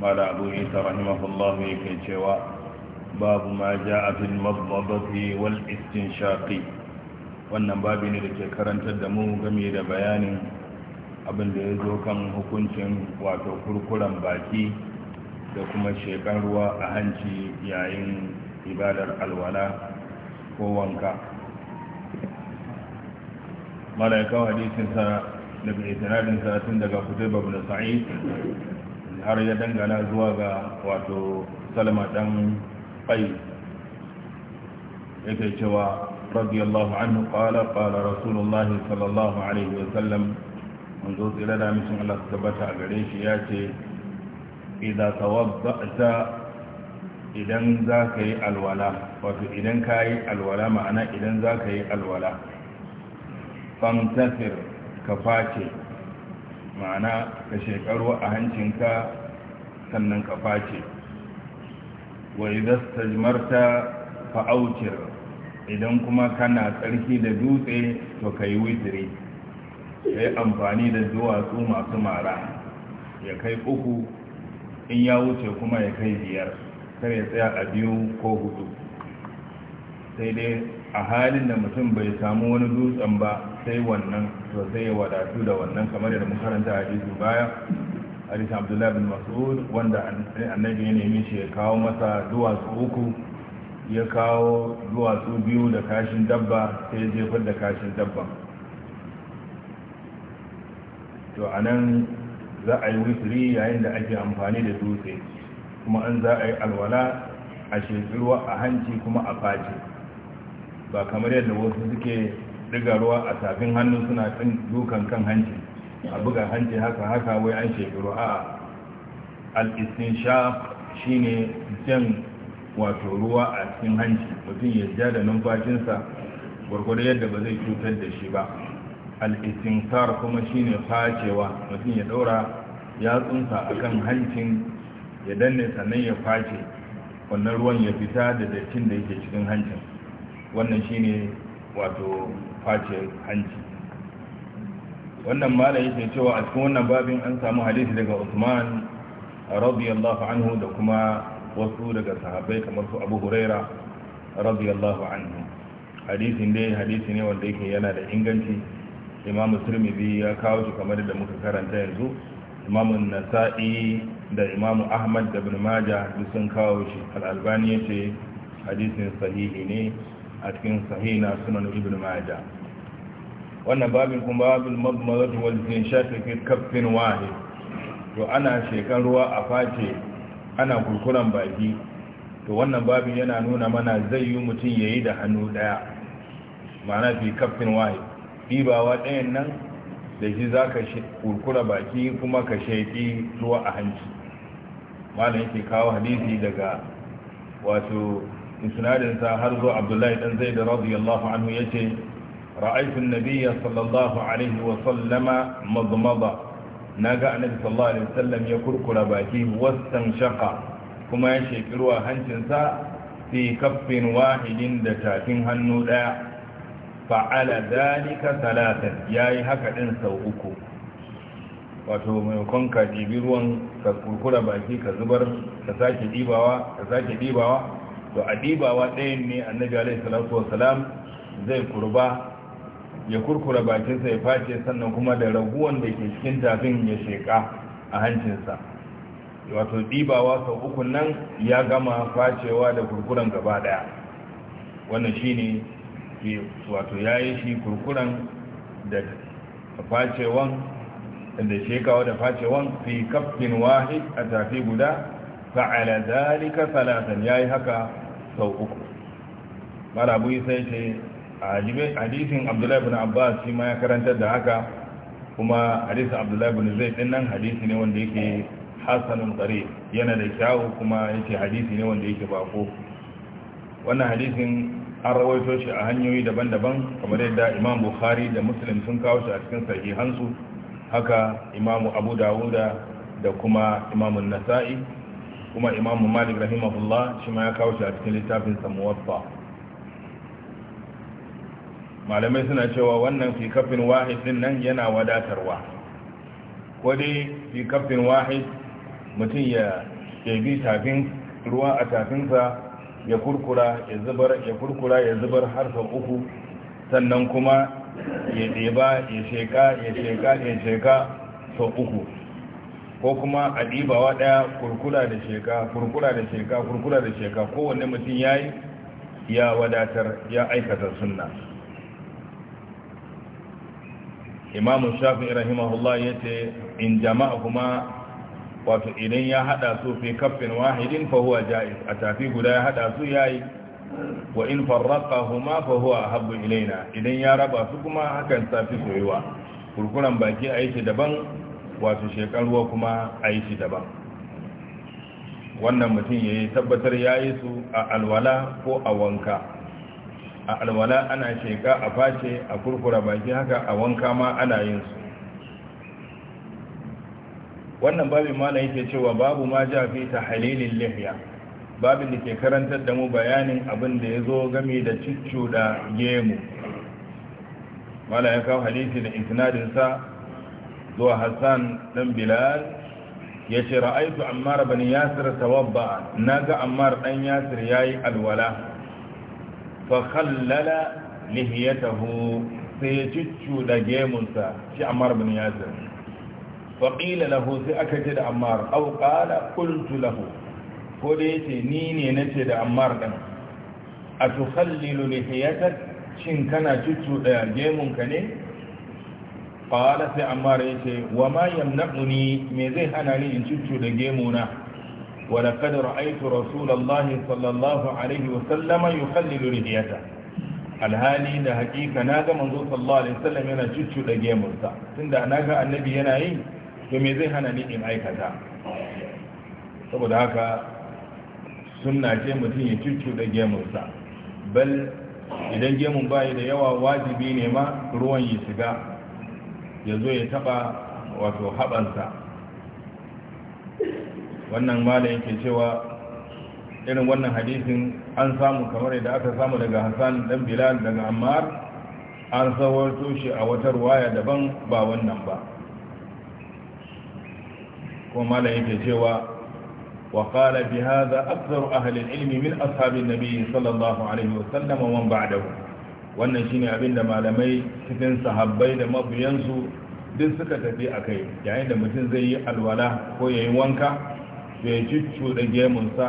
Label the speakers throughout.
Speaker 1: mala abu isa rahimahullah yake cewa babu ma ja a fil mabbabati wannan babi ne da ke karantar da mu game da bayanin abin da ya zo kan hukuncin wato kurkuren baki da kuma shekaruwa ruwa a hanci yayin ibadar alwala ko wanka malaikawa hadisinsa daga itiradinsa tun daga kutuba bin sa'id har ya dangana zuwa ga wato salama dan qais yake cewa radiyallahu anhu qala qala rasulullah sallallahu alaihi wasallam sallam zo tsira da mishin Allah ta tabbata a gare shi ya ce idan tawadda'ta idan za ka yi alwala wato idan ka yi alwala ma'ana idan za ka yi alwala fantasir ka face ma'ana ka shekaru a hancinka sannan ka face wa idan stajmarta fa'aukir idan kuma kana tsarki da dutse to ka yi witiri ya amfani da duwatsu masu mara ya kai uku in ya wuce kuma ya kai biyar kar ya tsaya a biyu ko hudu sai dai a halin da mutum bai samu wani dutsen ba sai wannan to sai ya wadatu da wannan kamar yadda mun karanta a hadisin baya hadisin abdullahi bin mas'ud wanda annabi ya nemi shi ya kawo masa duwatsu uku ya kawo duwatsu biyu da kashin dabba sai ya jefar da kashin dabba to a nan za a yi witiri yayin da ake amfani da dutse kuma an za a yi alwala a shekirwa a hanci kuma a face ba kamar yadda wasu suke diga ruwa a tafin hannu suna kan dukan kan hanci a buga hanci haka haka wai an shekaru a sha shi ne jan wato ruwa a cikin hanci mutum ya ja da numfashinsa gwargwado yadda ba zai cutar da shi ba al-istinsar kuma ne facewa mutum ya daura yatsunsa kan hancin ya danne sannan ya face wannan ruwan ya fita da dattin da yake cikin hancin wannan shine wato face hanci wannan malayi ke cewa a cikin wannan babin an samu hadisi daga usman radiyallahu anhu da kuma wasu daga sahabbai kamar su abu huraira radiyallahu anhu hadisin dai hadisi ne wanda yake yana da inganci imam bi ya kawo shi kamar da muka karanta yanzu imam nasa'i da imam ahmad da ibn majah duk sun kawo shi al-albani yace hadisin sahihi ne a cikin sahina sunan ibn majah wannan babin kuma babin mabmalatu wal zinshati fi kaffin wahid to ana shekan ruwa a face ana kurkuran baki to wannan babin yana nuna mana zai yi mutum yayi da hannu daya ma'ana fi kaffin wahid ɗibawa dayan nan da shi za ka baki kuma ka sheki ruwa a hanci malam yake kawo hadisi daga wato sa har zo abdullahi dan zaid radiyallahu anhu yace ra'aytu an-nabiyya sallallahu alaihi wa sallama madmada naga annabi sallallahu alaihi sallam ya kurkura baki wasan shaqa kuma ya sheki ruwa sa fi kaffin wahidin da tafin hannu daya fa'ala dalika salatan yayi haka din sau uku wato maimakon ka dibi ruwan ka kurkura baki ka zubar ka sake dibawa? ka sake ɗibawa to adibawa ɗayan ne annabi alaihi salatu wasalam zai kurba ya kurkura bakinsa ya face sannan kuma da raguwan da ke cikin tafin ya sheƙa a hancinsa wato ɗibawa sau uku nan ya gama facewa da kurkuran gaba ɗaya wannan shine wato ya yi shi kurkuran da facewan da shekawa da facewan fi kafin wahid a tafi guda fa'ala zalika salatan ya yi haka sau uku mara abu sai ce a hadisin abdullahi bin abbas shi ma ya karantar da haka kuma hadisin abdullahi bin zai din nan hadisi ne wanda yake hasanun tsari yana da kyawu kuma yake hadisi ne wanda yake bako wannan hadisin an rawaito shi a hanyoyi daban-daban kamar yadda imam bukhari da muslim sun kawo shi a cikin hansu haka imamu abu dawuda da kuma imamun nasa'i kuma imamu malik rahimahullah shi ma ya kawo shi a cikin littafin samuwarsa malamai suna cewa wannan fi kafin wahid din nan yana wadatarwa ko dai fi kafin wahid mutum ya bi tafin ruwa a tafinsa ya kurkura ya zubar ya kurkura ya zubar har sau uku sannan kuma ya ɗeba ya sheka ya sheka ya sheka sau uku ko kuma a ɗibawa ɗaya kurkula da sheka kurkula da sheka kurkula da sheka kowanne mutum ya yi ya wadatar ya aikata sunna imamu shafi rahimahullah ya ce in jama'a kuma wato idan ya hada su fi kafin wahidin fahuwa ja'iz a tafi guda ya hada su ya yi wa in farraka huma fahuwa habbu ilaina idan ya raba su kuma hakan tafi soyuwa kurkuran baki a yake daban wato shekaruwa kuma a yi shi daban wannan mutum ya yi tabbatar ya yi su a alwala ko a wanka a alwala ana sheka a face a kurkura baki haka a wanka ma ana yin su wannan babin ma na yake cewa babu ma ja ta halilin Lahya, babin da ke karantar da mu bayanin abin da ya zo game da ciccu da gemu mala ya kawo Halittu da intanadinsa zuwa hassan ɗan bilal ya ce ra'aitu ammar bani yasir tawabba ga ammar ɗan yasir ya yi alwala fa khallala lihiyatahu sai ya ciccu da gemunsa shi ammar bani yasir fa ƙila lahu sai aka ce da ammar au ƙala qultu lahu ko da ya ce ni ne na ce da ammar A atukhallilu lihiyatak shin kana ciccu da gemunka ne qala sai ammar yace wa ma yamna'uni me zai hana ni in cuccu da gemuna wa laqad ra'aytu rasulullahi sallallahu alaihi wa sallama yukhallilu rihiyata alhali da hakika na ga manzo sallallahu alaihi wasallam yana cuccu da gemunsa tunda na ga annabi yana yi to me zai hana ni in aikata saboda haka sunna ce mutum ya cuccu da gemunsa bal idan gemun bayi da yawa wajibi ne ma ruwan ya shiga ya zo ya taba wato haɓansa wannan mala yake cewa irin wannan hadisin an samu kamar yadda aka samu daga hassan dan bilal daga ammar an sawarto shi a wata ruwaya daban ba wannan ba kuma mala yake cewa وقال بهذا أكثر أهل العلم من أصحاب النبي صلى الله عليه وسلم ومن بعده wannan shine abin da malamai cikin sahabbai da mabiyansu duk suka tafi a kai yayin da mutum zai yi alwala ko ya yi wanka su ya ci da gemunsa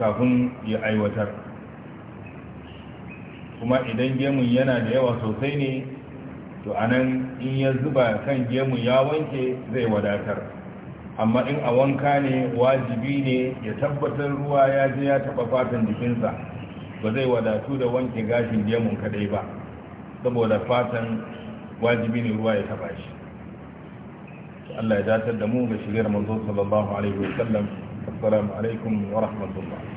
Speaker 1: kafin ya aiwatar kuma idan gemun yana da yawa sosai ne to a nan in ya zuba kan gemun ya wanke zai wadatar amma in a wanka ne wajibi ne ya tabbatar ruwa ya je ya taɓa fatan jikinsa ba zai wadatu da wanke gashin gemun kadai ba saboda fatan wajibi ne ruwa ya taba shi Allah ya datar da mu ga shigar manzo sallallahu alaihi wasallam assalamu alaikum wa rahmatullahi